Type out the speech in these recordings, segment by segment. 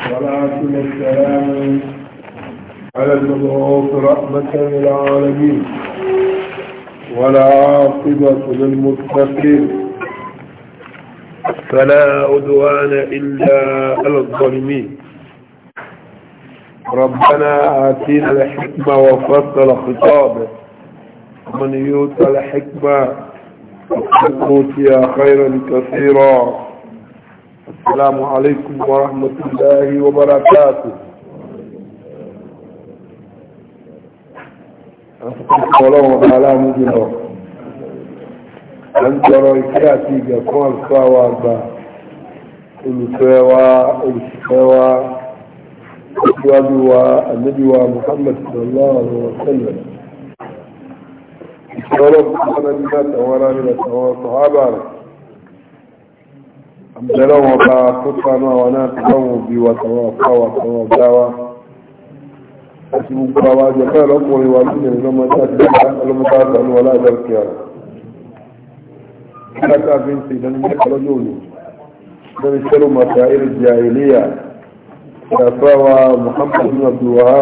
والصلاة والسلام على المبعوث رحمة للعالمين والعاقبة للمتقين فلا عدوان إلا على الظالمين ربنا آتينا الحكمة وفصل خطابه ومن يؤتى الحكمة فقد أوتي خيرا كثيرا السلام عليكم ورحمة الله وبركاته السلام عليكم ورحمة الله أنت رأيكاتي جفوان سوا أربع olùfẹ́wà olùfẹ́wà ìwájú wa ànábíwa Muhammad sallallahu alaihi wa sallam ìṣọ́rọ̀ fún ọ̀nà nígbà tàwọn ará nígbà tàwọn sọ̀hábà rẹ̀ bẹ̀rẹ̀ wọn bá kópa náà wọn náà ti báwọn òbí wa tàwọn ọ̀pá wa tàwọn ọ̀gá wa àti gbogbo àwọn àjọ bẹ́ẹ̀ lọ́kùnrin wa lónìí lọ́mọdé àti ọlọ́mọdé àgbàlú wa láàbẹ̀ òkè àrùn kí láti àfi ń ṣe ìdánilẹ́kọ̀ọ́ lọ́jọ́ òní lórí sẹ́lù màtà ìrìnjì àìlíyà ìyàfáwa Muhammad bin ìgbà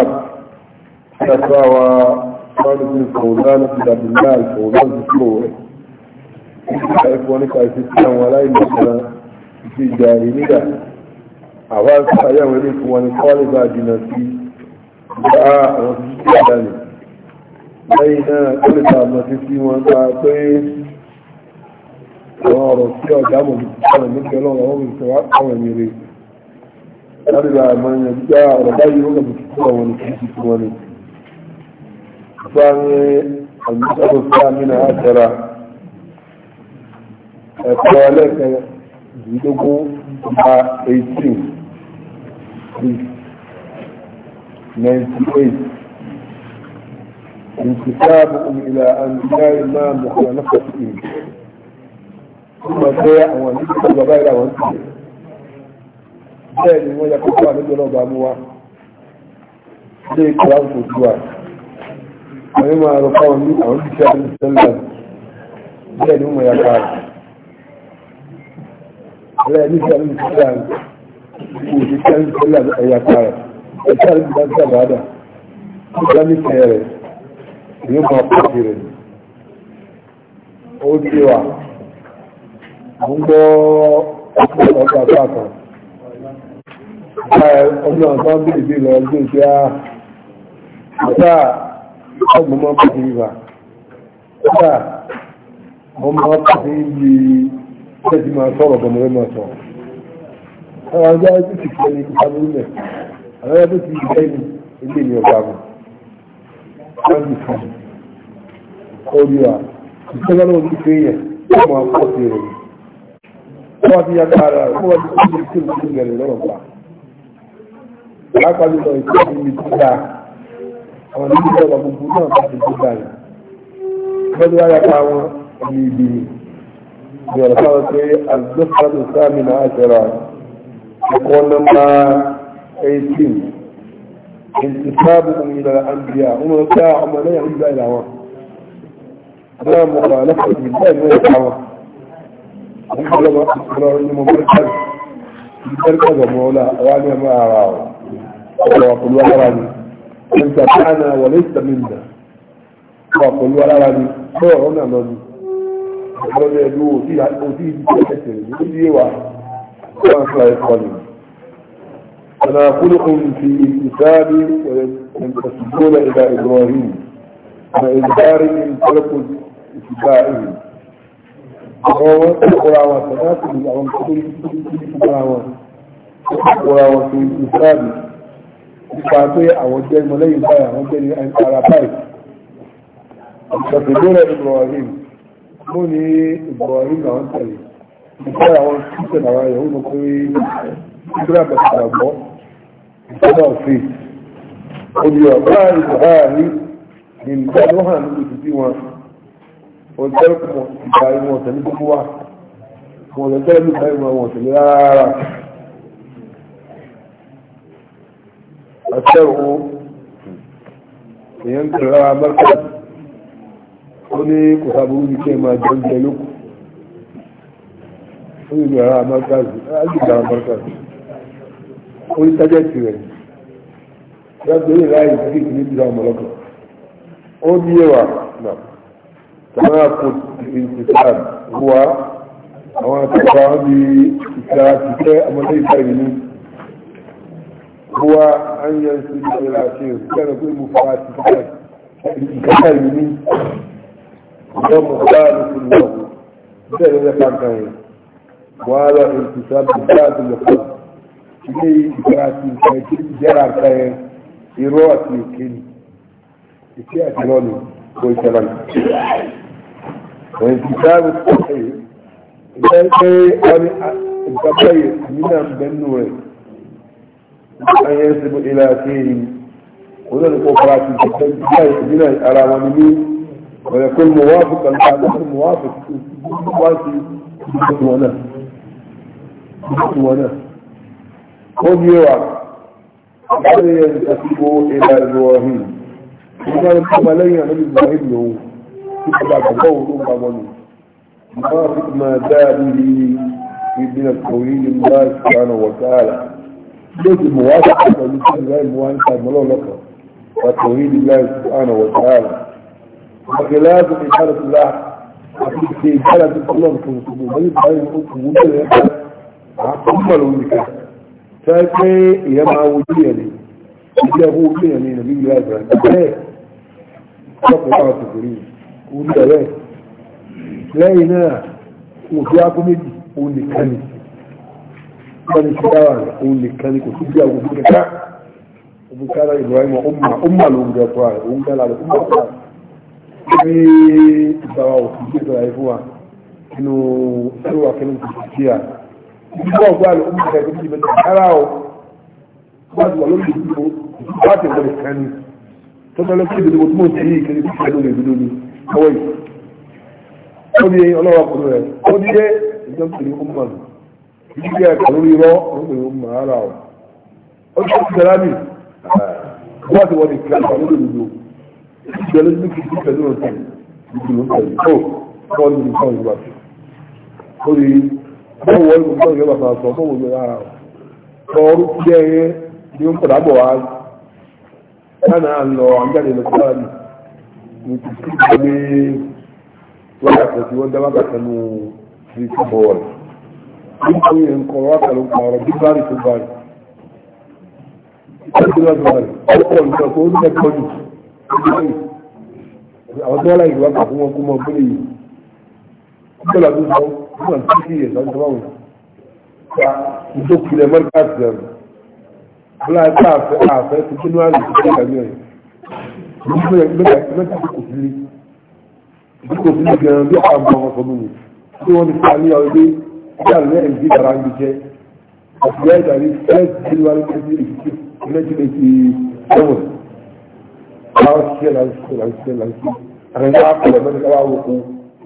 ẹ̀fọ́ nípa ìfisí àwọn aláìlú ti jàìníyà àwọn àṣàyà wọn ní fún wọn ní kọ́lé bá jìnà sí bá àwọn tí ó dánì lẹ́yìn náà tó lè ta àmọ́ títí wọn bá pé àwọn ọ̀rọ̀ sí ọ̀gá mọ̀ nípa ọ̀rọ̀ nípa ọlọ́run àwọn òṣìṣẹ́ wá àwọn ẹ̀mí rẹ̀ láti bá àmọ́ yẹn gbígbá ọ̀rọ̀ báyìí ó gbàgbé títí wọn ní kí títí wọn ní. Bá ní àmì sọ́dọ̀ sí àmì náà á ẹ̀kọ́ ẹlẹ́kẹ̀ẹ́ ìdógún ọba 18 98 انتسابهم إلى أنبياء ما مخالفة فيه ثم جاء ونسى الضبائر وانتهى bẹ́ẹ̀ ni wọ́n yàtọ̀ wà nígbẹ̀rẹ̀ ọba mú wa lé ìkọ̀lá òkú wa àwọn ìmọ̀ àrùkọ́ ní àwọn ìṣẹ́ àti ìṣẹ́lẹ̀ bẹ́ẹ̀ ni wọ́n yàtọ̀ ẹlẹ́yìn sí àwọn ìṣẹ́lá kò sí sí àwọn ìṣẹ́lá ẹ̀yà parẹ̀ a bá dà ó gbá ní kẹ́ rẹ̀ yóò máa pọ̀ sí rẹ̀ ó ti wà à ń gbọ́ ọ̀pọ̀ ọ̀pọ̀ àpá kan ọmọ àwọn bíi bíi lọ ọdún tí a ọ̀tá ọgbọ̀n máa pọ̀ sí bẹ́ẹ̀ ti máa sọ̀rọ̀ bọ̀ mọ́rẹ́ máa sọ̀rọ̀ àwọn ọjọ́ ẹgbẹ́ ti fi ẹni ìta burú mẹ́ àwọn ẹgbẹ́ ti fi ẹni ilé ní ọba mi wọ́n ti fi olùwà ìṣẹ́gbẹ́ náà ti fi yẹn wọ́n máa pọ̀ sí rẹ̀ wọ́n wá ti ya kára wọ́n wá ti fi ṣe ìṣe ìgbẹ̀rẹ̀ lọ́rọ̀ pa lápàdé lọ ìṣe ìṣe ìṣe dáa àwọn ìṣe ìṣe ọba gbogbo náà bá ti ṣe dáa yẹn wọ́n ti wá ya pa wọn ẹni ìbí yìí يرفعك الدفعة الثامنة عشرة يقول لما 18 انتسابهم إلى الأنبياء هم ساعة هم لا يعود إلى هوا لا مخالفة بالله ولا دعوة هم لما أصبروا إنهم مركز مركز مولا وأنا ما أراه وقل وأراني أنت معنا وليس منا وقل وأراني هو هنا من ọlọ́dẹ ẹ̀lú òtí ìdíjẹ́ ẹ̀sẹ̀ ní ìdí ẹwà wọ́n fún ẹ̀kọ́ ni ọ̀nà kúlùkùn fi ìsáàbí ẹ̀sùgbọ́nà ìdá ìgbọ̀nrín na ìdárí ní ìtọ́lọ́kùn ìfìdá ìhìn àwọn wọn tó kọ́ra wọn sọ̀rọ̀ sí àwọn tó ń kọ́ra wọn tó kọ́ra wọn ìsáàbí nípa pé mo ní ìbọ̀rin àwọn tẹ̀lé ìfẹ́ àwọn kíkẹ́ àwọn ẹ̀yọ́ ló pé ìgbéra bẹ̀rẹ̀ àgbọ̀ ìfẹ́lá òfin omi ọ̀gá ìgbà ní ìgbà ló hàn ní ìdíbí wọn wọ́n tẹ́lẹ̀ pọ̀ ìgbà ìwọ̀n ọ̀sẹ̀ ní gbogbo wa wọ́n lọ tẹ́lẹ̀ ní ìgbà ìwọ̀n ọ̀sẹ̀ ní rárá àṣẹ òun èèyàn ń tẹ̀lé rárá mẹ́kọ̀ọ́ ó ní kò sábúrú ní kí ẹ máa jọ oúnjẹ lókù ó ní ìgbà ara amákàzì ágbègbè amákàzì ó ní tájẹ́tì rẹ̀ yàtọ̀ ní láì sí ìdílé ìdílé ọmọlọ́kọ̀ ó ní ẹwà náà tàbí àpò ìsìláàmù wà àwọn akẹ́kọ̀ọ́ àwọn bí ìsìláàmù tẹ́ ọmọdé ìsìláàmù ní هو أن ينسب إلى شيخ كان كل مفاتيح الكلام دم خالص له بين ذكرتين وعلى انتساب الذات للقلب ilé ìgbàtí ìfẹ̀tí jẹ́ra kẹrẹ irọ́ àti ìkéni ìké àti lọ́nà kò ìṣẹ̀lẹ̀ ẹ̀yìn tí sáré tó ṣẹ̀yẹ ìfẹ́ pé wọ́n ní ah, ìgbàgbọ́yè nínú àbẹ̀nú rẹ̀ ayé ń sinmi ilé àti èyí òun náà ní kó fara ti ìfẹ́ ìgbàgbọ́yè nínú ara wọn ní ويكون موافقا الحديث موافق واسي وانا وانا خذ يوعد هذا ينتسب الى ابراهيم وكان كما لن يعمل ابراهيم له بعد قول امامه موافق ما دابه من التوحيد الله سبحانه وتعالى ليس موافق ما يمكن غير موافق ما له التوحيد الله سبحانه وتعالى وخلاف إدارة الله وفي إدارة الله كنتم بل بل كنتم بل عقمل لك فكي يمع وجيني يجابوا وجيني نبي الله إبراهيم فقط على تقريب وانت لا لينا وفي عقمد ونكني wani kirawa da kulle kani ko tuja ko duka ka ubukara ibrahim umma umma lunga to ay ungala da umma bí ìgbàwà òkú sí ìgbà ìfún wa nínú ẹlòwà kí ló ń kò sí à ìgbà ọgbà àlọ́ ọmọ ìgbà ìgbà ìgbà ìgbà ara ọ wá ti wà lórí ìdúró wá ti wọlé kan ní tó bá lọ́kọ́ ìdúró tó mọ̀ sí yìí kí ló ń lè dúró ní ọwọ́ yìí ó ní ọlọ́wà kúrò rẹ̀ ó ní dé ìjọba ìlú ọmọ ìdílé ẹ̀kọ́ lórí irọ́ ọmọ ìlú ọmọ ara ọ ó ti sọ ìgbẹ́lẹ́ tí kìí pẹ̀lú ọ̀tẹ̀ ìgbìmọ̀ pẹ̀lú ó kọ́ ní nǹkan ìgbà tó ó rí bọ́ọ̀ wọ́n ní nǹkan ìgbà tó sọ bọ́ọ̀ wọ́n ara ọ̀ ọ̀rú tí ẹ yẹ ni ó ń padà bọ̀ wá lánàá à ń lọ àjáde lọ síra ni mo ti kí ìgbà ní wákàtí tí wọ́n dá wákàtí nù sí ìkọ̀bọ̀ rẹ̀ nítorí ẹ̀ ń kọ́ wákàtí ló pa ọ̀rọ̀ bí bá rí tó bá rí. Ìtọ́jú lọ́dún rẹ̀, ó pọ̀ nípa kó ó ń tẹ́kọ̀ọ́ jù àwọn tó wá láyé ìwà kàfún wọn kó mọ gbélé yìí gbọ́dọ̀ làbí sọ fún àti títí yẹn sọ nípa wọn ìjọ kìlẹ̀ mọ́ríkà ti rẹ̀ bọ́lá àfẹ́ àfẹ́ ti dínú àlè tó kọ́ ìgbàgbé rẹ̀ ìdíkò yẹn mẹ́ta mẹ́ta tó kò sílé ìdíkò sílé bí àwọn ọmọ ọmọ mi tí wọ́n ti fa ní ọ̀rẹ́ bí àlẹ́ ẹ̀ ń kàrà ń jẹ́ àti bẹ́ẹ̀ dàrí fẹ́ẹ́ àwọn ṣiṣẹ́ là ń ṣe là ń ṣe là ń ṣe àwọn ìyá akọ̀lẹ̀ mẹ́rin káwá wò kó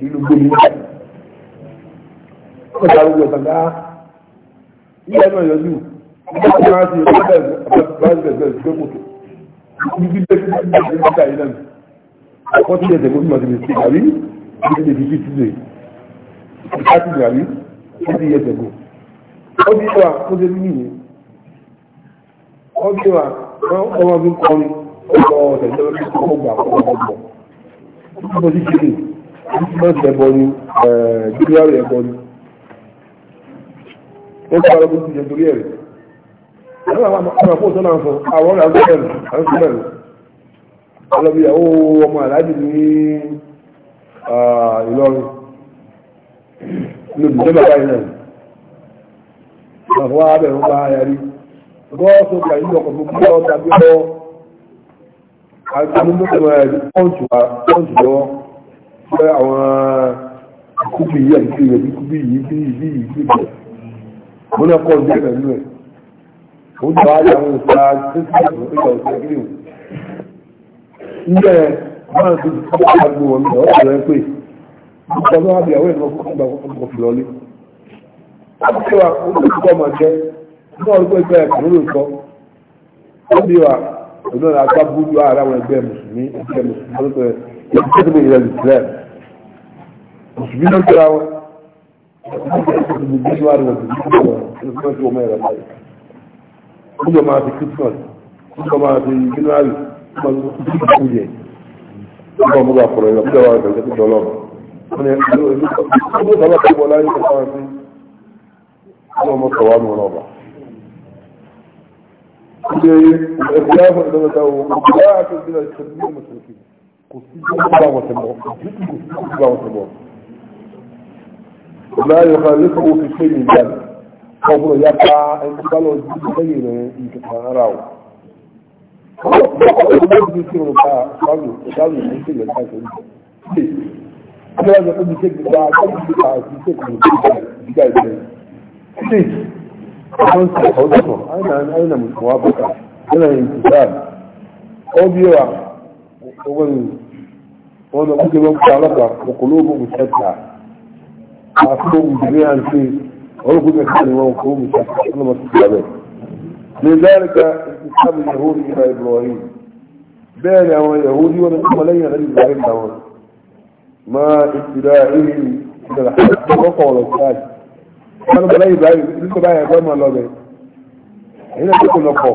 ìlú gbóni báyìí. ọjà arúgbó ọ̀tàgá ilé ẹ̀rọ yọjú ìgbà tí wọ́n á ti ọ̀tá bẹ̀rẹ̀ bẹ̀rẹ̀ bẹ̀rẹ̀ bẹ̀rẹ̀ gbé kòtò ibi bẹ́ẹ̀ ti bá ti bá yìí lẹ́nu àkọ́ tí ẹ̀sẹ̀ gbóni màtí lè àbí ibi tí ti fi ti lè ìka ti lè àbí ó ti yẹ ẹsẹ̀ gbó. ó ti wà ó ti ní ìyẹn ó ti wà ọmọ mi kọrin ọwọ́ tẹ̀lé lórí ọkọ̀ gbà fún ọmọ bọ̀. Bó ti ṣe lè, bísímọ́sì ẹ̀bọ ni, gbígbárò ẹ̀bọ ni. Ó ti parọ́ bó ti jẹ torí ẹ̀rẹ̀. Àwọn àwọn àpò sọ́nà fún àwọn ọ̀rẹ́ àgbẹ̀ ẹ̀rù, àwọn sọ́nà ọmọ àlájì ní Ìlọrin. Lóòdì jẹ́ bàbá ìlànà. Àwọn àbẹ̀rún bá yàrí. Gọ́ọ̀sù amúgbòmọ̀ pọ́ǹtù lọ́wọ́ pé àwọn kúbì yìí àti bí kúbì yìí bí ìbí yìí bí bẹ̀ mo náà kọ́ ọdún ẹ̀mí ẹ̀ ó ń bá àwọn òṣà tẹ́sílẹ̀ ìgbà òṣà ilé o ilé máa tó ti kọ́ àgbo wọn lọ ọ̀sẹ̀ rẹ pé ọkọ̀ náà bí àwọn ènìyàn fún ìgbà ọkọ̀ fi lọlé àbúkẹ́ wa ó ti kọ́ ọmọ jẹ́ ní ọdún pẹ́ ìgbà ẹ̀kọ́ ló sọ ó bí wa ọdún náà agbá búrú ara àwọn ẹgbẹ́ mùsùlùmí ẹgbẹ́ mùsùlùmí lọ́tọ̀ ẹ̀ ẹgbẹ́ tó bẹ̀rẹ̀ ìlẹ̀ islam mùsùlùmí náà tẹ̀ra wọn mùsùlùmí nínú ara wọn mùsùlùmí wọn ẹgbẹ́ tó ọmọ ẹ̀rọ báyìí kúndọ̀ máa fi christmas kúndọ̀ máa fi january kúndọ̀ máa fi kúndọ̀ kúndọ̀ mú bá fọ̀rọ̀ ìlọ kúndọ̀ wà lọ́jọ́ tó dọ̀lọ́ ọmọ sọ̀wá mi wọn ọba الخلاف الذي وقاعة من التنمية المشركين قصيدة الله وسمعه قصيدة الله وسمعه لا يخالفه في شيء من ذلك قبل يقع انتقاله الجيد خير يكفى أراه Please. أنسى حضنه أين عن أين الموافقة أين الانتساب أوبيوا وقل وانا قلت وقلوبهم مشتعة عصبهم جميعا فيه ورقوا الثاني وقلوبهم مشتعة لذلك انتساب اليهودي إلى إبراهيم بين هو يهودي ونقوم لي غير إبراهيم ما ابتدائهم إلى الحق وقول الثالث wọn bẹ̀rẹ̀ ibrahim nígbà bá yẹ gbọ́mọ lọ bẹ̀ èyí náà tókò lọ pọ̀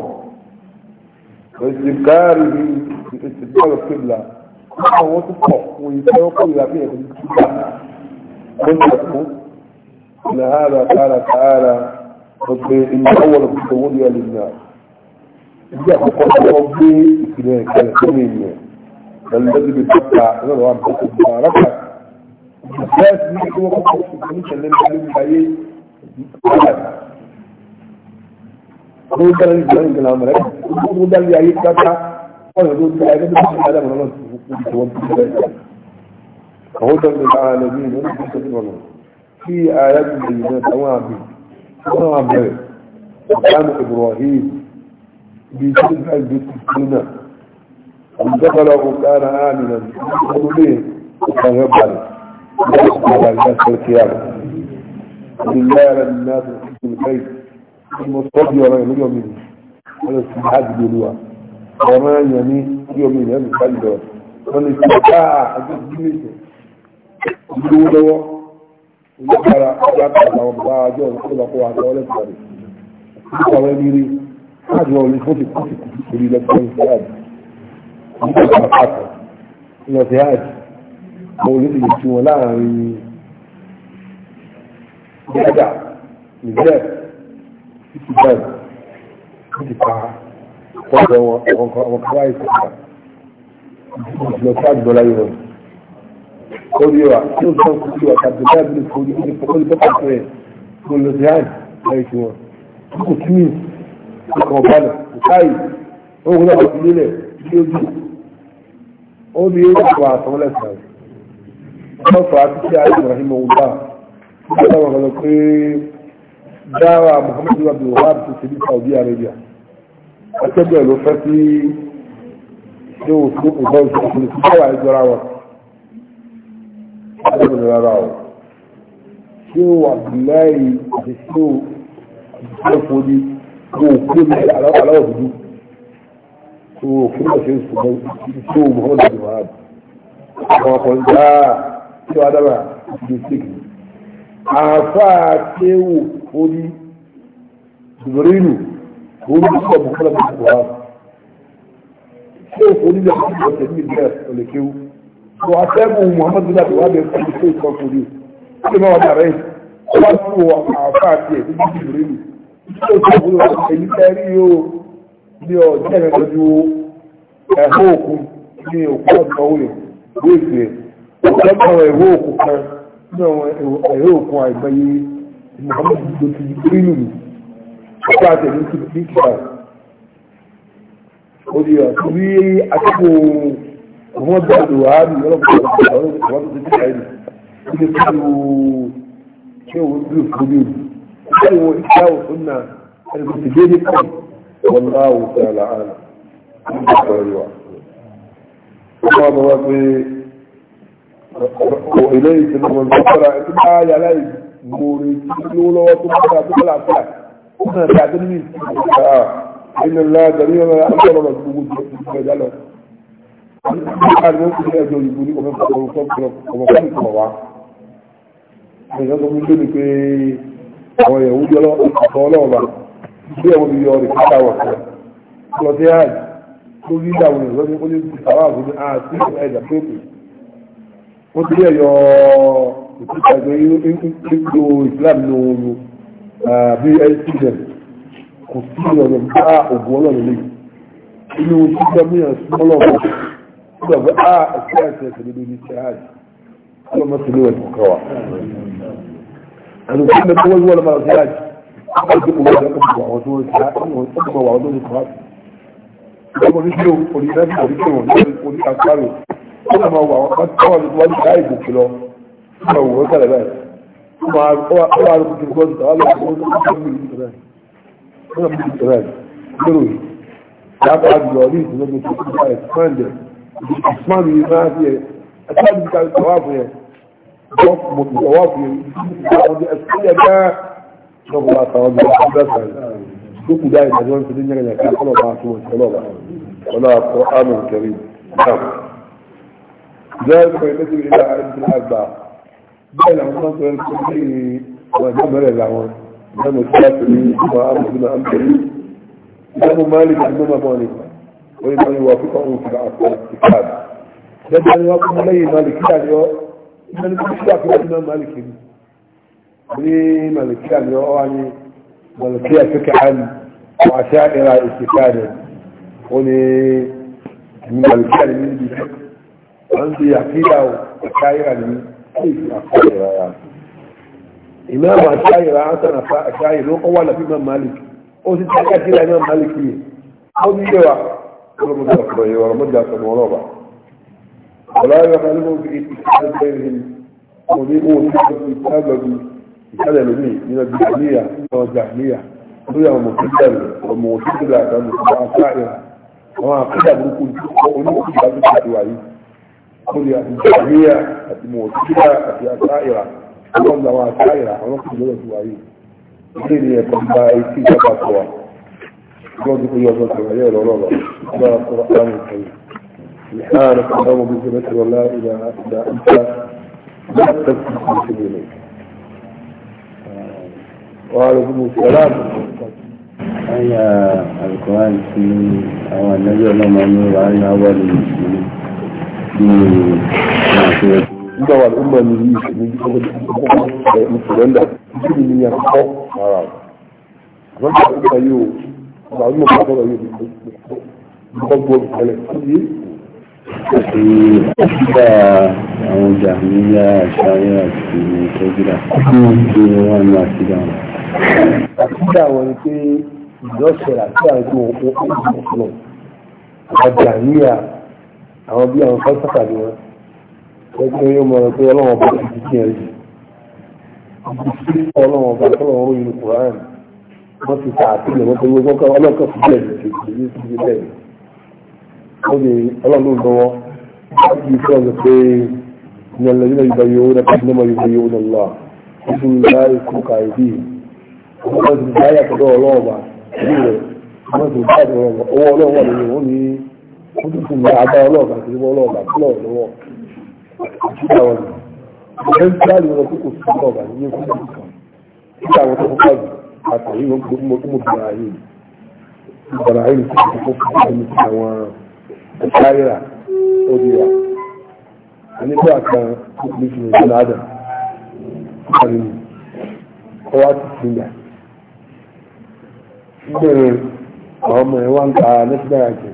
òsì gáàrí èsì bọ́ọ̀lù kébìlà àwọn tó pọ̀ wọn yìí fẹ́ kó ìlà fún ẹ̀kọ́ kíkà ó ń tẹ̀kú ìlà hàrà tààrà tààrà gbogbo ìlà ọwọ́ lọ fún owó ní ẹ̀lì náà ìdí àkọ́kọ́ tó wọ́n gbé ìpìlẹ̀ ìkẹlẹ̀ fún mi nìyẹn pẹ̀lú lọ́dún bíi pátá ìrọ̀rọ̀ àbúkù bàrà kà bẹ́ẹ̀ sì ní kí wọ́n kọ́kọ́ fún ìpìlẹ̀ ìkẹlẹ̀ Gbogbo ìgbàlá ìgbàlá ìgbàlá ọmọ rẹ̀ gbogbo ìgbàlá ayé káká wọ́n lọ́dún tó ayé tó ti ń gbàlá ọmọ rẹ̀ wọ́n ti bẹ̀rẹ̀ sí. Àwọn tó ń bẹ lára lọ ní ìlú ní ìṣẹ́ ìwọ̀n kí ààrẹ ti bẹ̀rẹ̀ náà táwọn àbí wọ́n máa bẹ̀rẹ̀ ọ̀kánù Ibrahim bí iṣẹ́ ìgbà ìgbà ti kú náà. Àbújọ́kọ̀lọ́ ọ̀kánà àmì náà ọdún lè ọ̀kánà balẹ̀ لله على الناس الحج البيت المصطفى ولا يمين يومين هذا السبحات بيلوها وما يمين يومين هذا الحج من استطاع حديث بيته يقولوا ويقرا قراءه الله وبعد يوم كل قوة ولا تبالي قال لي حاجة ولا فوتي فوتي تريد أن تكون سعاد يقول لك حاجة ولا سعاد قولتي بسم الله gbẹ́dà nìjẹ́ títí bẹ́ẹ̀ ní ti pa pọ́jọ wọn àwọn kan wáyé sọ́kà ìjìnlẹ̀ tí a jùlọ láyé wọn orí wa tí ó sọ kú wa tàbí bẹ́ẹ̀ bí kò ní kí ó ní pọ́pọ́ sí rẹ̀ lọ sí àyè láyé tí wọn tí kò tí ní ọkọ̀ ọ̀bánà kò káyì ó wúlò àwọn ilé rẹ̀ tí ó dùn ó ní ó wà àtọ́lẹ̀sàn wọ́n fà á títí àyè ìmọ̀ ìmọ̀ nígbà wọn lọ pé dáwà Muhammadu Abdul Wahab ti ṣe ní Saudi Arabia akẹ́gbẹ́ ló fẹ́ sí ṣé o tó ìbọn ìṣe òkùnrin sí dáwà ìjọra wọn ọdún rárá o ṣé o Abdullahi àti ṣé o ìṣẹ́fọ́ ní kó o kúrò ní aláwọ̀ dúdú kó o kúrò ṣe ń sùn ṣé o Muhammadu Abdul Wahab àwọn ọkùnrin dáa ṣé o Adama ti ṣe ṣéèkì àáfàá kéwò orí ìbòrínù orí ìṣọ́ bùkọ́lá bí kò wá ṣé òfòrí lè fi ọ̀sẹ̀ ní ìbílẹ̀ ọ̀lẹ̀ kéwò tó atẹ́gùn muhammadu láti wá bẹ fún ìṣe ìṣọ́ kòrí ó lè má wà dàrẹ́ ó wá nínú àáfàá tiẹ̀ ní ìbòrínù ìṣe ìṣọ́ kòrí wà èyí tẹ́ ní ọjọ́ ìrìn àjò ẹ̀họ́ òkun ní òkú ọ̀dọ́ òyìn wíìsì ọ̀dọ́ ẹ̀họ́ òkun kan ní àwọn ẹ̀rọ òkun àìgbáyé Muhammad ló ti rí lù mí ọ̀pọ̀ àtẹ̀lé ti rí kíkà ó di ọ̀tún rí akẹ́kọ̀ọ́ ọmọ bí àdó àárí ọlọ́pàá ọlọ́pàá tó ti kíkà ẹ̀rọ ó lè fi lu ṣé òun bí òfin bí òbí ṣé ìwọ ìṣẹ́ òfin náà ẹni kò sì ilé ìsinmi ọmọ ìgbàkọ́ra ẹ̀tí bá yàrá ìmòrè tí ó lọ́wọ́ tó bá dà tó bá làáfíà ó kàn dà tó ní ìsinmi nínú ńlá àjọrí ọmọ akọ̀rọ̀ ọ̀rọ̀ gbogbo jẹ́ ìsinmi ẹ̀dá lọ. Àwọn ọmọ ìsinmi ẹ̀jọ̀ ìbò ní ọmọ ìfọwọ́sọ ọmọkọ́ ìfọwọ́ wa. Ìyẹn sọ fún mi pé àwọn ìyàwó jọ ọlọ́wọ́ bá bí àwọn ìyọ rẹ̀ kíkà wọ̀ sí. Lọ sí àjì tó rí ìdàwọn ìrọ̀lẹ́ wọ́n ti lé ẹ̀yọ ìpínlẹ̀ ìgbò islam ní ooru bí lcm kò sí ọ̀nà bá ògùn ọlọ́run lè inú sísọ mìíràn sọ́lọ̀ bọ̀ sígbà pé a ẹ̀sẹ̀ ẹ̀sẹ̀ ẹ̀sẹ̀ lórí ní ṣáàjì ọlọ́mọ sí ní ẹ̀kọ́ kọwà àdùnkú ní ẹ̀kọ́ wọ́n lọ́mọ sí ṣáàjì wọ́n ti kọ̀wé ẹ̀kọ́ bọ̀ àwọn tó ń ṣáàjì wọ́n tó ń bọ̀ àwọn tó ń kọ́ wọ́n náà máa wà wọ́n tí wọ́n wọ́n ti káyì gòkè lọ wọ́n máa wò wọ́n kàlẹ̀ báyìí wọ́n máa wọ́n máa rúkú kìí kọ́ọ̀tù tàwọn lọ́wọ́ wọ́n máa mú ìlú tẹ̀lé wọ́n máa mú ìlú tẹ̀lé lérò yìí dáàbò àjùlọ ní ìdílé mi tó kú báyìí fúnàndẹ̀ ìsúmáàmì yìí máa fi ẹ̀ ẹ̀sáàbì ká ìtọ́wà fún yẹn wọ́n mọ̀ ìtọ́wà fún yẹn ìdílé ẹ̀sìnlẹ̀ gáà lọ́kọ̀ bá tàwọn lọ́wọ́ fún bẹ́ẹ̀ duk da ya ji wani su din yaga ya kan kalo ba su wani kalo ba wala ko amin ذلك يمثل إلى أئمة الأربعة بين المنطقة الكلية وجمل العوان إمام الشافعي وأحمد بن أنبري إمام مالك إمام مالك وإمام يوافقه في الكتاب لأن الواقع عليه مالك يعني إمام الشافعي وإمام مالك مالك يعني يعني مالكية فكحا وعشائر استفادة ولي من مالك يعني من الفقه عندي يحكيها وأشاعرة لي كيف يا يعني إمام أشاعرة حسن أشاعرة وقوانا في إمام مالك أو ستحكى كده إمام مالك فيه أو دي جوا ورمضة أخرى ورمضة أخرى ورمضة ولا يغلبوا في اتخاذ بينهم وضيئوا في الكتاب كان يلومي من الجهمية والجهمية هي مكتب وموجود لها كان مكتب عسائر وما قد أبركوا ونوكي هذا الدعائي kóni àti jàmíyà àti mọ̀tíkà àti àtàìrà àwọn làwọn àtàìrà àwọn kò lọ́wọ́ ti wáyé ilé ni ẹ̀kọ́ gba etí ìjọba tó wa lọ́dún kó yọ ọdún tó wáyé ọ̀rọ̀ lọ́rọ̀ bá a kọ́ àwọn ìtàn yìí ìhàn àwọn ọmọ bíi sẹ́lẹ̀ tẹ̀wọ́ lá ìlà ìlà ìta láti tẹ̀sí ti ṣe lè wàhálà fún mi sọlá àyà alukóhán tí àwọn ànájọ́ ọlọ́mọ ní wàhálà wà lórí ìṣúná nígbà wà ló mọ̀ ní ìṣe ní ọgbẹ́ mùsùlùmí ìṣe ní ìyá kọ́ ara rẹ̀ àwọn ìgbà tó ń yóò ọba àwọn ìmọ̀ kọ́ yóò di kọ́ gbọ́ ìpẹ́lẹ̀ tó yé. Nígbà àwọn ọjà níyà àṣàyà àti ìtọ́júdà tí wọ́n wà ní àtìgbà wọn. Àtìgbà wọn ni pé ìjọ́sẹ̀ àti àjọ òkú ọ̀pọ̀lọpọ̀ ọjà níyà àwọn bí àwọn fásitì ni wọn lọ́gbọ́n yóò mọ̀ pé ọlọ́wọ́n ti di kíyàn yìí ibi tí ọlọ́wọ́n bá tọ́lọ̀ wọn yìí kùrán wọ́n ti ta àtìlẹ̀ wọ́n ni ó tún fún mi àgbá ọlọ́ọ̀bà tí wọ́n ọlọ́ọ̀bà tí lọ́ọ̀ lọ́wọ́ àtúntà wọn ni ìgbẹ́ ń dáàlì wọn kókò sí ọlọ́ọ̀bà ní ní fún mi kan títà wọn tó kọ́kọ́ yìí àtàrí ti di wa àní bí wàá kan ó ti fi ìṣẹ̀lẹ̀ àdà ọwọ́ àti ń bẹ̀rẹ̀ àwọn ọmọ ẹ̀ ń ta nẹ́tíbẹ̀rẹ̀ àjẹ́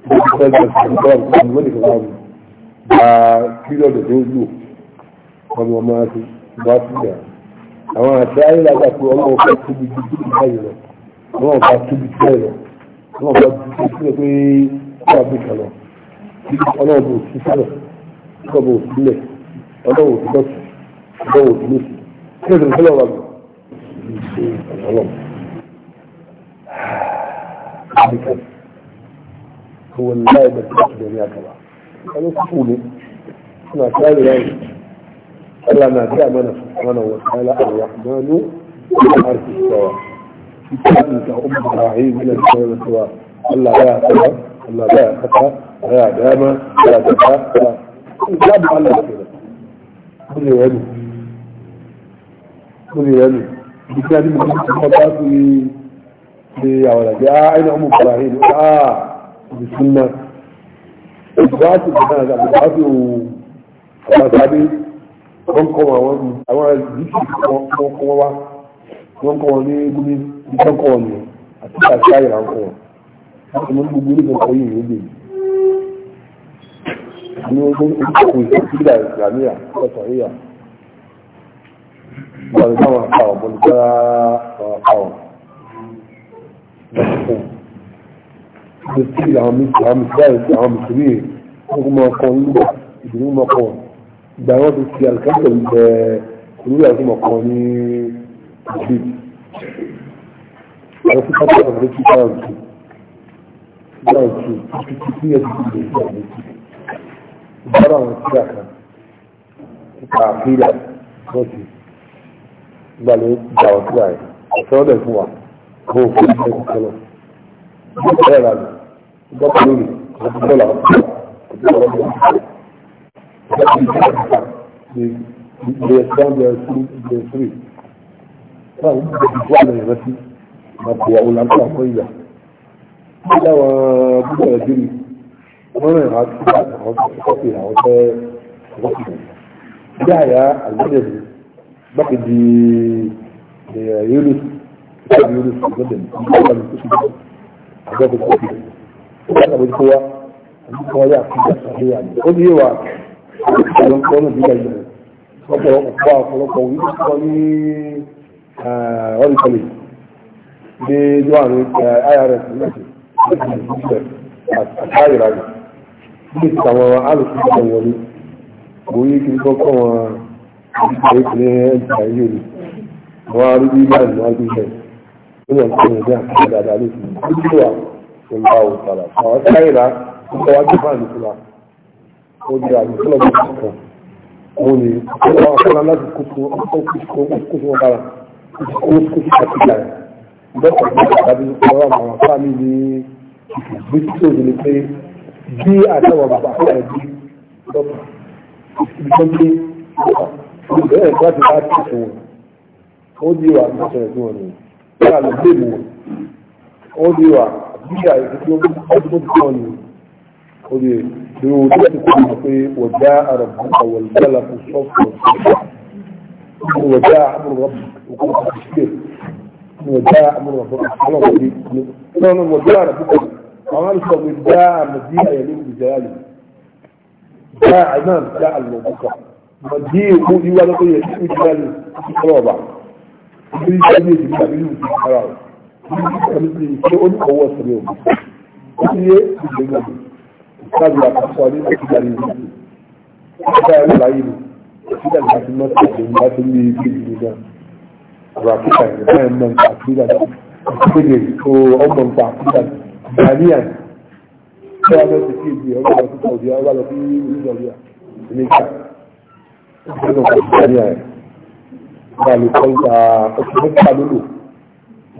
àwọn àti ayélujára pé ọlọ́wọ́ bá tóbi ju tóbi báyìí lọ ọlọ́wọ́ bá tóbi ju báyìí lọ ọlọ́wọ́ bá tóbi ju sílẹ̀ pé kí wàá bìkà lọ ọlọ́wọ́ bò sí sílẹ̀ ọlọ́wọ́ bò sílẹ̀ ọlọ́wọ́ bò dọ́sì ọlọ́wọ́ bò lọ́sì kí ẹ̀sìn sílẹ̀ wà lọ. ọlọ́wọ́ bìkà lọ. هو النائب الأقدم يا جماعة أنا أقولي ما كان لي إلا ما جاء من سبحانه وتعالى الرحمن والعرش استوى كتابك أم إبراهيم إلى السماء استوى الله لا يخطأ الله لا يخطأ لا يعدام لا يخطأ لا كتاب على كل يوم كل يوم بكلمة الله في في أولاد يا أنا أم إبراهيم آه ìsúná ìgbàásù ìgbà náà ìgbàásù àbájáde wọ́n kọ́ àwọn àwọn ìdíṣì wọ́n kọ́ wá wọ́n kọ́ wọn ní gúmi ìjọ kọ́ wọn ní àti àti àyà ń kọ́ wọn láti mọ́ gbogbo ní ìjọkọ̀ yìí ló dé ní ogun ìjọkọ̀ ìjọkọ̀ ìsìlámíà ọ̀tọ̀ ìyà wọ́n ní káwọn àpá ọ̀bọ̀n ní ṣe sí àwọn mùsùlùmí àwọn mùsùlùmí ọkọ̀ máa kọ nígbà ìdùnnú máa kọ ìgbà wọn ti fi àlùkàtọ̀ ìbẹ̀ olúwa tó máa kọ ní madrid àwọn fún kápẹ́ ọ̀rọ̀ tó bá ń tù bá ń tù títí tí ẹ ti dìbò sí àwọn ètò ìbára àwọn tí a kan nípa àfihàn wọn ti gbalẹ̀ gbà wọn بطل الضلع ليستان ليسري فهو بجعل يغسي ما قوى الأمسى قيلة إلا وبدأ يجري وما يغاد خطيها وغسي دعيا المجد بقي دي يونس يونس جدا عذاب الكثير وكان بالقوة القوايا في الصحية قد يوا كان كون بيجي وكان وقف ولا قوي قوي آه ولا قوي دي جوان اي ار اس الحاجة راجع دي كما قالوا في الأول بوي كي كوكو بوي كي تايوني واربي ما ما بيجي ولا قوي ده كده عليه والله تعالى فأسعينا متواجبة لكلا ودي يعني كل مكتب ودي كل أصلا لازم كتب أو كتب كتب ولا كتب كتب كتب بس هذه القرآن على فامي بيتسوز اللي في دي أتوا بابا دي بس بيجي bẹ́ẹ̀ láti bá ti fún wọn ó díwà ní ọ̀sẹ̀ ìgbọ́n ni wọ́n lè gbé mú wọn ó díwà nígbà ìdíkí ọdún kan ni ó lè dúró tó ti kọ́ mọ̀ pé wọ̀já àràbù àwọ̀lùbọ́là kò sọ́ọ̀fù ọ̀sẹ̀ wọ̀já àmúrọ̀bù òkú àṣìṣe wọ̀já àmúrọ̀bù ọlọ́wọ̀dé nínú wọ̀já àràbù kan àwọn àlùfọ̀ pé dá àmọ̀dí àyẹ̀lẹ́ ìjẹ́yàlì dá àìmọ̀ dá àlùmọ̀bù kan mọ̀dí èkó ìwádọ́kọ̀ yẹ ìjẹ́yàlì ìjẹ́yàlì ọba ìjẹ́yàlì ìjẹ́yàlì ìjẹ́yàlì ṣé ó ní ọwọ́ sọ̀rọ̀ òkú ó ti yé ìgbéga mi ìsáàbì àkọ́kọ́ ní ìgbà ní ìlú ìgbà ẹ̀rọ láyé mi ìgbà ní ìlú náà ti ń bá tó ní ibi ìlú náà ọ̀rọ̀ àkókò ìlú náà ń mọ̀ nípa àkúrà ìkéde tó ọmọ nípa àkúrà ìgbàníyàn tí wọ́n bẹ́ẹ̀ ti fi ìgbé ọmọ lọ sí sọ̀dí ọmọ lọ sí ìlúdọ̀lẹ́yà nígbà ìgbà náà kọ̀ ìgbàníyàn rẹ̀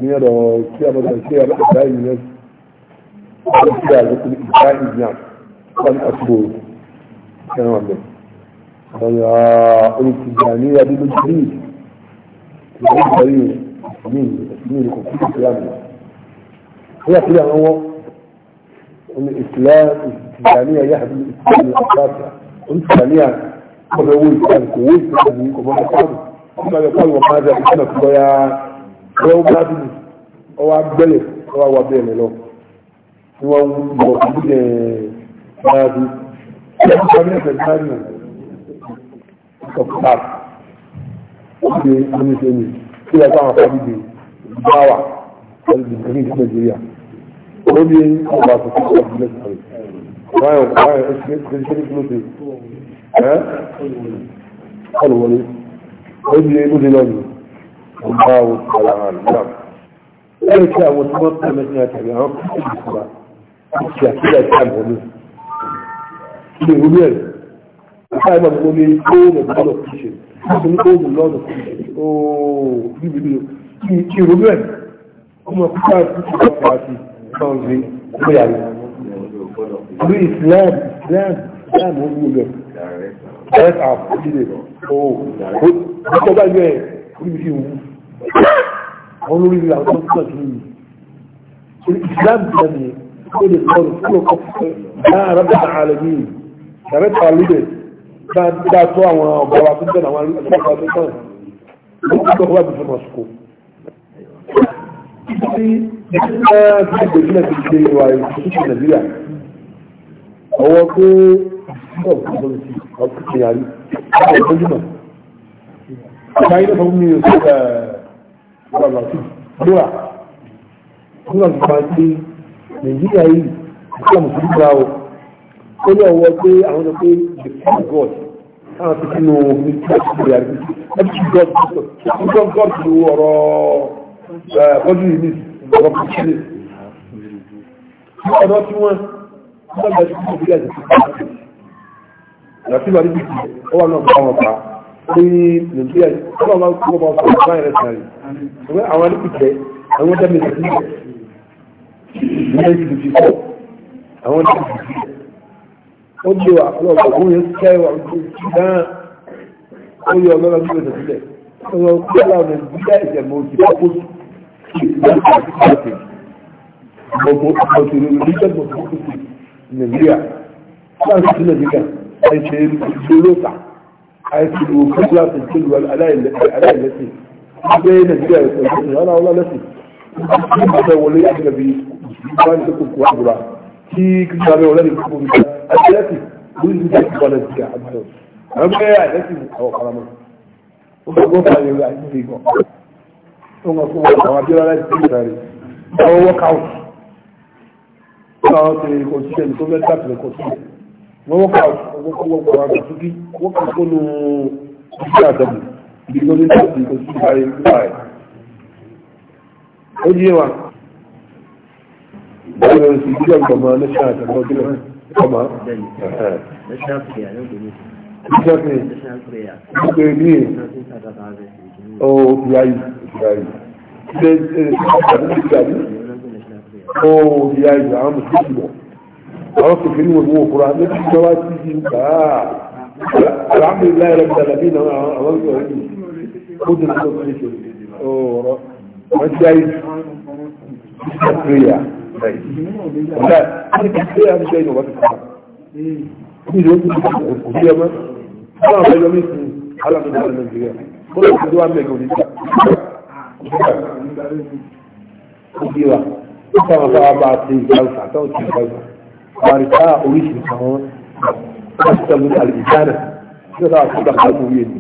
ní ọ̀rọ̀ tí a bọ̀dọ̀ sí ọ̀rọ̀ ìgbà yìí ní ọ̀rọ̀ tí a lọ́kùn ìgbà yìí ní àwọn àtúbò ẹran ọ̀bẹ. ọ̀rọ̀ olùkùnjà ní adébójú ní ìgbà ìgbàrí ní ìlú kò kí ìsìlámù. ó yà sílẹ̀ àwọn wọn ìsìlámù ìsìlámù yà hàbí ìsìlámù àbáṣà olùkùnjà ní àwọn ọ̀rọ̀ owó ìsìlámù kò wó ìsìlámù kò mọ́ ọwọ́ gbádùn ní ọwọ́ agbẹ́lẹ̀ ọwọ́ àwọn abẹ́rẹ́ lọ ni wọ́n ń bọ̀ fún ẹ̀ gbádùn ọwọ́ gbádùn ẹ̀fẹ̀ gbádùn ọkọ̀ pàt ọdẹ oníṣẹ́ni tí wọ́n bá wọn fọ́ bíbi báwà ọdún ìgbẹ́ni ní nàìjíríà ó ní ọba tó kọ́ ọdún lẹ́sìn rẹ̀ báyọ̀ báyọ̀ ẹ̀ṣẹ́ ìṣẹ́ni kúló ti ẹ́ ọlùwọlé ó ní الله تعالى عالم ليس والمرض مدينة العرب كلها كلها كلها منه لهنال هذا المؤمن كون الله كشف لكن كون الله كشف أوه يبدو يرمان هم كفار كفارتي كونزي يعني الإسلام الإسلام الإسلام هو يبدو أتعب كده أوه هو ده بقى يبقى يبقى àwọn olórí àwọn tó ń pọ̀ sí i islam ti dàbí ó lè sọ̀rọ̀ fún ọkọ̀ bá arábà àlẹ́bí ìdàrẹ́ ta lóde dáa tó àwọn ọ̀gá wa tó tẹ̀lé àwọn àlùfáà tó tẹ̀lé wọn ó kọ́ wá bí fún ọ̀sùkò. títí ẹ ti bàbá sí gbúra nígbà tó nàìjíríà yìí àti àmùsùn gbúra o ó ní ọwọ́ pé àwọn sọ pé the first god táwọn ti sínú omi tí a ti gbé àrí ẹbí tí god ti sọ god ti wo ọ̀rọ̀ bọ́dún yìí ní ọ̀rọ̀ kìkìlì ọ̀rọ̀ tí wọ́n sábà ti kú sí àjẹsí láti lọ rí bìtì ó wà náà bá wọn pa ní nàìjíríà ọlọ́run máa ń kó ọmọ ọkọ̀ ọ̀gá ẹ̀rẹ́ sàárì ọgbẹ́ àwọn alẹ́kùnjẹ́ àwọn dẹ́mi nàìjíríà ní ẹ̀jì fi fọ́ àwọn dẹ́mi nàìjíríà ó lé wa ọlọ́run ọ̀gbọ́n yẹn kẹ́ wa náà ó yọ ọlọ́run ọdún nàìjíríà ọlọ́run kó ọlọ́run nàìjíríà ìjẹ̀mọ̀ òjì pápó nàìjíríà ọlọ́run ti nàìjíríà ẹ̀ àìsí ìwò kíkúlá tó ti lu aláìlẹ́sìn gbé nàìjíríà ẹ̀sọ̀ ìṣẹ̀lẹ̀ ọ̀nà ọ̀la lẹ́sìn kí n bàtà wọlé àgbẹ̀ bí ìgbà ní kókò kó àgbà kí kíkúlá bẹ wọlé ní kókò bí ká àti lẹ́sìn lórí ìdíje ìgbà náà ti ká àgbẹ̀ àwọn bẹ́ẹ̀ àìlẹ́sìn àwọn karamọ́ ó fẹ́ gbọ́n fàyè rẹ̀ àti ìgbà ó ń kó àwọn abíọ́lá láti ti ìrẹ̀ àwọn wọ́kàwọ̀ wọ́n wọ́n kọ́ ọgbọ́n kọ́ ọgbọ́n àtúntí wọ́n kọ́ fóònù iṣẹ́ àtẹ̀bù ibi tó ní láti kò sí ìparí nípa ẹ̀. ó yé wa báyìí lọ sí ìdílé ọgbọ̀n máa ní ṣe àtẹ̀bù ọdún náà ọmọ ó ti ayé ó ti ayé ilé ìṣẹ́ àti ìṣẹ́ àti ó ti ayé àwọn mùsùlùmí bọ̀. àwọn kìfìrí wọn wọ kura ní ìjọba ti di nǹkan alhamdulilayi rẹ bìtà lẹbi náà àwọn sọ̀rọ̀ yìí ó dùn tó fi ṣe ọ̀rọ̀ wọn ti ayé sísè péyà ọ̀dà àti péyà ti sẹ́yìn ọ̀bá ti kọ́ ní ìlú òkú kò sí ẹmọ fún àwọn ẹyọ mi sùn alámọdé ní nàìjíríà kó lè fi wá mẹ́gàn ní ìgbà kó bí wa ó sọ̀rọ̀ sábà bá a ti ìgbà òsà tó ti ìgbà òsà. àríkà oríṣiríṣi àwọn pásítọ̀lù àlìjáde tí ó dáa sí ìgbà pàtó wíyé ni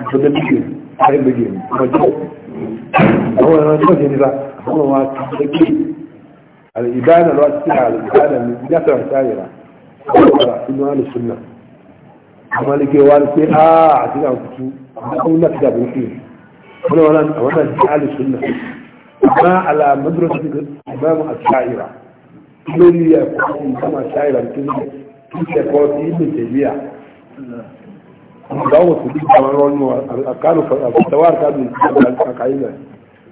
ìjọba méjì ayé méjì ni ọjọ́ àwọn ẹran tó jẹ nípa àwọn ọmọ akẹ́kọ̀ọ́ kékeré àlìjáde lọ sí àlìjáde ní yàtọ̀ àtàyèrà inú àlùsùnà àwọn alẹ́kẹ́ wa ni pé áà àti àwọn tuntun àwọn ọmọ láti dàbò fún un wọn náà àwọn náà jẹ àlùsùnà àmọ́ àlàmọ́dúró ti di ìbámu àtàyèrà. lórí ẹ̀kọ́ sí ìdámà ṣáìlà tó ní ìṣẹ̀kọ́ sí ilé tẹ̀lé à. Ìgbà wọ̀n tẹ̀lé ìjà wọn lọ́nu àkàrò àfẹ́tẹ̀wà àkàrò ìjọba àkàyílẹ̀.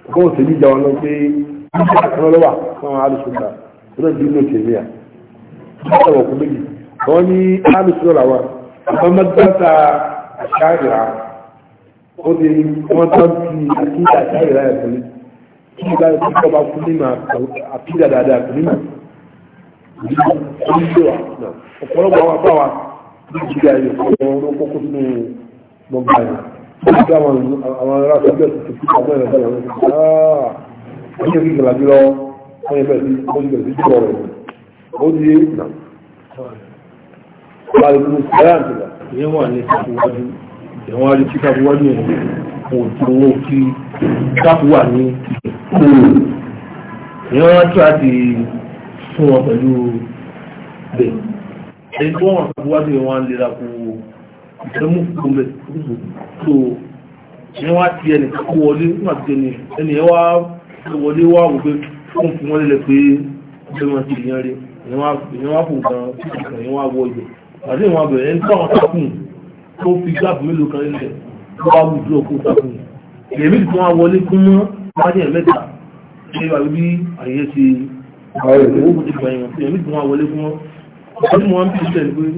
Ìgbà wọ̀n tẹ̀lé ìjà wọn lọ pé ìṣẹ̀ àkàrò lọ́wà fún àwọn alùsùnà lọ́nà ìdí ilé tẹ̀lé à. Ìgbà wọ̀n kún méjì. Wọ́n ní alùsùnà làwọn. Àwọn mẹ́tẹ́ta àṣáìlà ó ti wọ́n tán ti àkíyà àṣáìlà ẹ̀ fún mi. Kí ni bá yẹ kí ọba fún mi máa àkíyà dáadáa fún mi máa ọ̀pọ̀lọpọ̀ àwọn àbá wa ní ìjìyà ayò ọ̀pọ̀ olókókó nínú gbọ̀ngà ayò nígbà àwọn àwọn ará sọ́jọ́ tó fi àwọn ẹ̀rọ sọ́jọ́ rẹ̀ ṣáà wọ́n yẹ kí ìgbàlá bí lọ wọ́n yẹ bẹ́ẹ̀ sí wọ́n yẹ bẹ́ẹ̀ sí jùlọ rẹ̀ ó di nà. ọba ìlú sẹ́yà ti là. ìyẹn wà ní ìtàkùwájú ìwọ̀n àti ìtàkùwájú yẹn kò tó owó kí ìtàkùwà ní ìyẹn wọ́n á tún àti fún wọn pẹ̀lú bẹ̀ ẹni tó wọ́n fún wájú wọn lera kó ìfẹ́mú fún bẹ̀ tó ní wá ti ẹni kó wọlé fún àti ẹni ẹni ẹ wá wọlé wá wò pé fún fún wọn lẹ́lẹ̀ pé bí wọ́n ti yẹn rí ìyẹn wá fún kan tí ìkàn yẹn wá wọ ibẹ̀ àti ìwọ̀n abẹ̀rẹ̀ ẹni tó àwọn tákùn tó fi gáàbù mélòó kan nílẹ̀ tó wá wù dúró kó tákùn èmi tí wọ́n wọlé kún mọ́ wájú ẹ̀ mẹ́ta ṣe wà bí àyè ti owó kò ti gbẹ̀yìn wọn èmi gbọ́n àwọlé fún wọn ọdún ni wọ́n ń bí iṣẹ́ ni pé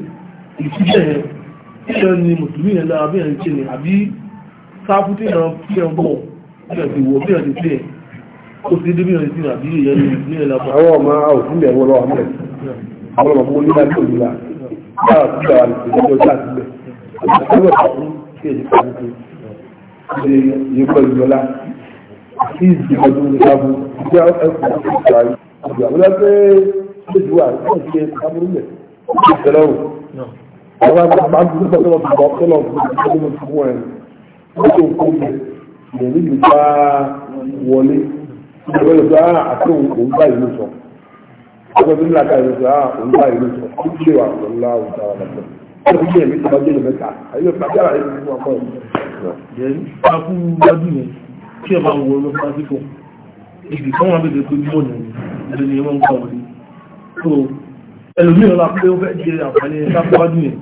ìṣiṣẹ́ yẹn iṣẹ́ ni mùsùlùmí yẹn lára bí ẹ̀yìn ṣe ni àbí sáfù tí ìran fi ẹ̀ ń bọ̀ bí ẹ̀ ti wọ̀ bí ẹ̀ ti fi ẹ̀ kó sí dé bí ẹ̀ ti àbí ìyẹn ni mùsùlùmí yẹn lára. àwọn ọmọ òfin bẹ̀ wọ́n lọ àmọ́ ẹ̀ àwọn ọmọ mo nílá tó nílá yára tó gbà wà lè ṣe ọjọ́ àtìlẹ̀ àtìlẹ̀ fún kí ẹ̀yìn kan tó ṣe yẹ pẹ̀lú ọlá àti ìdí ọdún ìṣàbù ìgbà ẹ̀kọ́ ìṣàbù àbí àbúrò pé ṣéjú wa náà ṣe aburú mẹ ṣe ìṣẹ̀lẹ̀ o àwọn àgbà àgbà tó lọ tó lọ tó lọ tó lọ tó wọn ẹni wọn tó kó mi ìyẹn níbi bá wọlé ìjọba yóò sọ ah àti òun òun bá ìlú sọ ọgbẹ tó ń la ka ìlú sọ ah òun bá ìlú sọ ó ṣe wà lọlá òun sára lọsọ ó ṣe èmi tó bá dé ìlú ká ayé pàṣẹ àyè fún ọkọ yẹn. akú gbádùn yẹn tí ẹ bá wọ lọ fún àdìpọ̀ ìdìkan wọn bẹ tẹ pé ìlú ni wọ́n ń kọ̀ wọ́n so ẹlòmíràn la pé ó fẹ́ jẹ àǹfààní sáfíwájú yẹn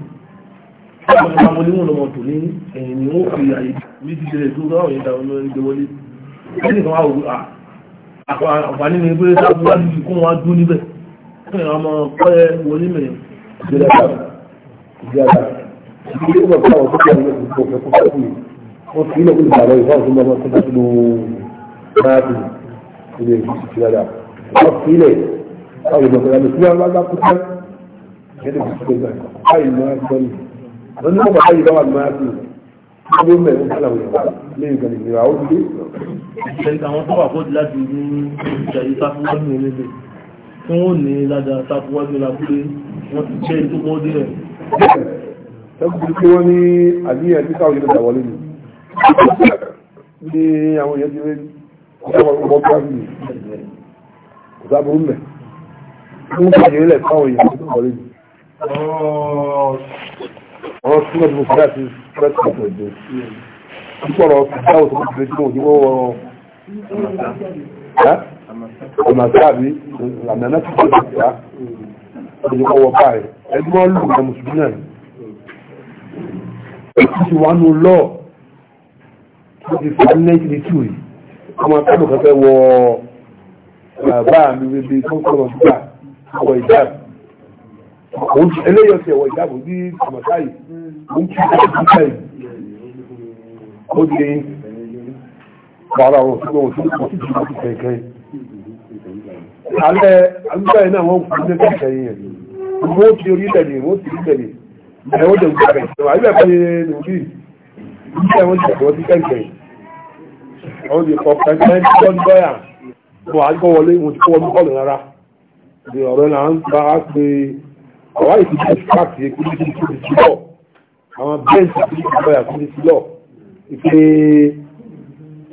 àwọn ọmọ ọmọdé wọn lọmọ tò ní ẹ̀yìn ni wọ́n fi àyè méjì lè tó káwọn yẹn dáwọn lórí gbé wọlé ẹni kan wáwò àǹfààní ni pé sáfíwájú yìí kún wọn dún níbẹ̀ fún ìwọ̀n ọmọ pẹ́ wọlé mẹ́rin ìjọba ìjọba ìjọba ìjọba ìjọba ìjọba ìjọba ìjọba wọ́n fi ilé ìgbàlẹ̀ ìfọ́nṣẹ́ mọ́mọ́ tó bá tó lóòó máa bì ilé ìgbìsì dáadáa ọ̀sílẹ̀ ọ̀rọ̀dọ̀gbọ̀dọ̀ sí ọ̀rọ̀ bá kú tán ẹni kò tó gbà báyìí máa ń gbọ́ mi àwọn ní ọ̀pọ̀ báyìí lọ́wọ́ máa fi ọmọ mẹ́rin kálà wọ̀ yàrá lẹ́yìn kan ìgbéra ó dé. àwọn tó wà fọ́ọ̀dì láti ní ìjà yìí ìsáburú mẹ́ mú káàkiri ilẹ̀ káwọn èèyàn tó kọ̀lé jù ọ̀rọ̀ tí wọ́n ti mú sí láti fẹ́ẹ̀tì ọ̀pọ̀ ìjọ púpọ̀rọ̀ ìdáwò tó kọ̀lé jù ní wọ́n wọ́n ọ̀nà sáàbí àmàlà tó kọ̀lé jù ká ọjọ́ kọ́ wọ báyìí ẹni wọ́n lù ní mùsùlùmí náà èyí ti wà nù lọ tí wọ́n ti fi ní 1982 yìí ọmọ akẹ́kọ̀ọ́ kan fẹ́ wọ́ọ́ bàbá mi bèbè tó sọ̀rọ̀ gbà wọ ìjáàbù òun ti eléyọ̀ ti ẹ̀wọ̀ ìjáàbù ní àmọ̀tá yìí òun ti ẹ̀wọ̀ ìjáàbù yìí ó di eyín wàhálà wọn sí wọn sí wọn sí wọn sí kẹ̀kẹ́ alẹ́ alúgbà yìí náà wọ́n kú ní kẹ̀kẹ́ yìí yẹn wọ́n ti orí tẹ̀lé wọ́n orí tẹ̀lé ẹ̀ wọ́n jẹ̀ gbà rẹ̀ ṣe wọ́n jẹ̀ wọ́n ti kẹ̀kẹ́ yìí wọ́n bọ̀ àgbọ́wọlé wọn ti kọ́wọ́ mọ́kànlá rárá di ọ̀rẹ́ là ń gba pé ọ̀wá ìfìdí ìfàkì ìpínlẹ̀ ìpínlẹ̀ sílọ̀ àwọn bẹ́ǹsì ìpínlẹ̀ ìpínlẹ̀ ìpínlẹ̀ sílọ̀ ìpè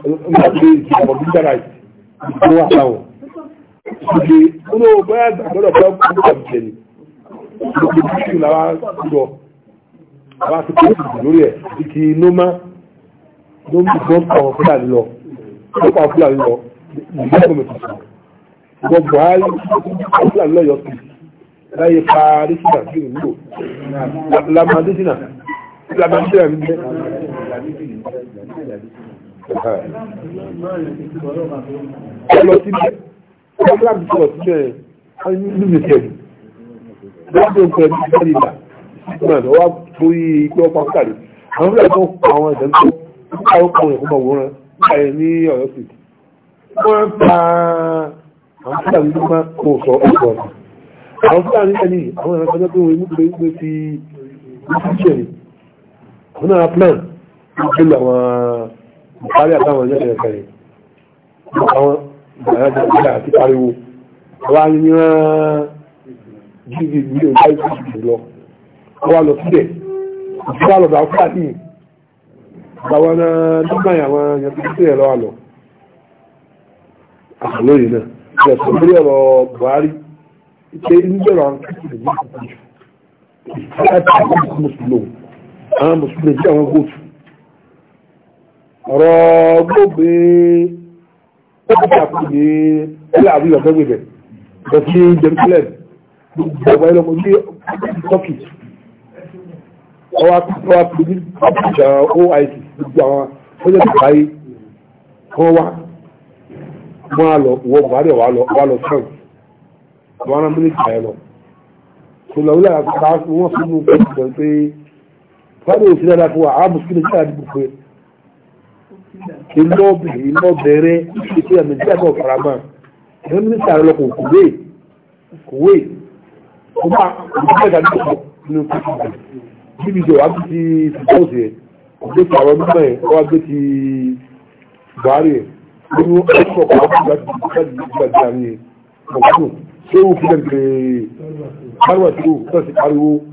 ńgbàgbé ìjọba bíjára ìpínlẹ̀ wà láwọn ìpè ńlọ bẹ́ẹ̀ àgbẹ̀rẹ̀ bẹ́ẹ̀ kọ́ àbùjẹ̀ ni ìpè bíjì làwa gbọ́ àwa ti pè é lórí ẹ̀ ìkì noma noma ìgbọ́n kan fúlàní lọ ìgbẹ́gbẹ̀mẹ̀ tuntun gbogbo ààrẹ ìgbà lọ́yọ̀ sí láyé parí sí àti ìlú lamadisina lamadisina ní bẹ́ẹ̀. ọlọ síbẹ̀ ọlọ́pàá ti sọ̀rọ̀ síbẹ̀ nínú ìṣẹ̀lú lọ́dún pẹ̀lú ìgbàlídà ìgbàlídà wà torí pé ọpa fúlàní àwọn fúlàní tó ń pa àwọn ìdánilẹ́kọ̀ọ́ nípa àwọn ẹ̀kọ́ mọ̀ wọ́n rán nípa ẹ̀ ní ọ̀yọ́ síbẹ̀ wọ́n pa àwọn fúlàní tó máa kò sọ ọ̀pọ̀ ọ̀nà àwọn fúlàní ẹni àwọn ẹ̀rọ kọjá pé wọ́n mú pé wípé ti ìfúnṣẹ́ ni àwọn náà plan ní pé àwọn bukari àtàwọn ẹ̀jẹ̀ ẹ̀ka rẹ̀ àwọn ìgbàlájà ìgbà àti pariwo wọ́n á ní wọ́n jíjí ní ọjọ́ ìfúnṣẹ́ lọ náà nígbà yà wọn yẹn tó àlóyè náà ilẹ̀ tó lórí ọ̀rọ̀ Buhari ṣe ń bẹ̀rọ̀ àwọn kìtìlì ní ìpínlẹ̀ ìfẹ́lẹ́tì àwọn mùsùlùmí àwọn mùsùlùmí jẹ́ àwọn góòtù ọ̀rọ̀ gbóògbé ó ti tàkù ní ẹlẹ́ àbúyọ̀ fẹ́gbẹ̀bẹ̀ lọ sí Jerusalem gbogbo ẹlọ mo ní Turkey ọwọ́ akọ̀wá pẹ̀lú ọ̀pọ̀ ìjà OIC gbogbo àwọn ó yẹ kí wọ́n wá mọ́ a lọ wọ buhari wà lọ wà lọ fẹ́ǹ wọ́n rán mílíkì ẹ̀ lọ sọlọ́wọ́lá àgbà wọ́n fún mi pé ìgbà pé buhari ò sí dáadáa fún wa àwọn mùsùlùmí sí àdìgbò pé iná bẹ̀rẹ̀ iná bẹ̀rẹ̀ ìṣètò ẹ̀mí tí a bọ̀ fara mọ́ ẹ̀ mílíkì àrẹ lọ kò kúwé kúwé ó bá ìdílé ìdájọ́ sọ nínú kúkú bíbí ìjọ wa ti fi fọ́ọ̀sì ẹ̀ ọ̀gbẹ́ ti àwọn mímọ́ ẹ̀ ọ̀gbẹ́ ti nínú ẹ̀kọ́ ọ̀pọ̀lọpọ̀